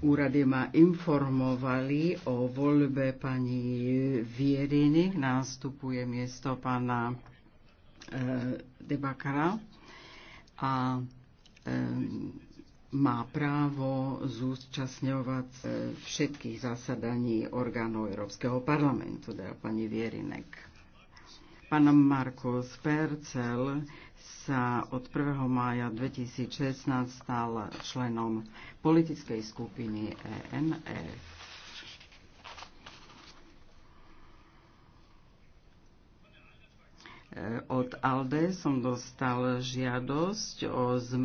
úrady ma informovali o voľbe pani Vieriny. Nástupuje miesto pána e, Debakara a e, má právo zúčastňovať e, všetkých zasadaní orgánov Európskeho parlamentu, teda pani Vierinek. Pán Markus Percel sa od 1. mája 2016 stal členom politickej skupiny ENF. E. E, od ALDE som dostal žiadosť o zmenu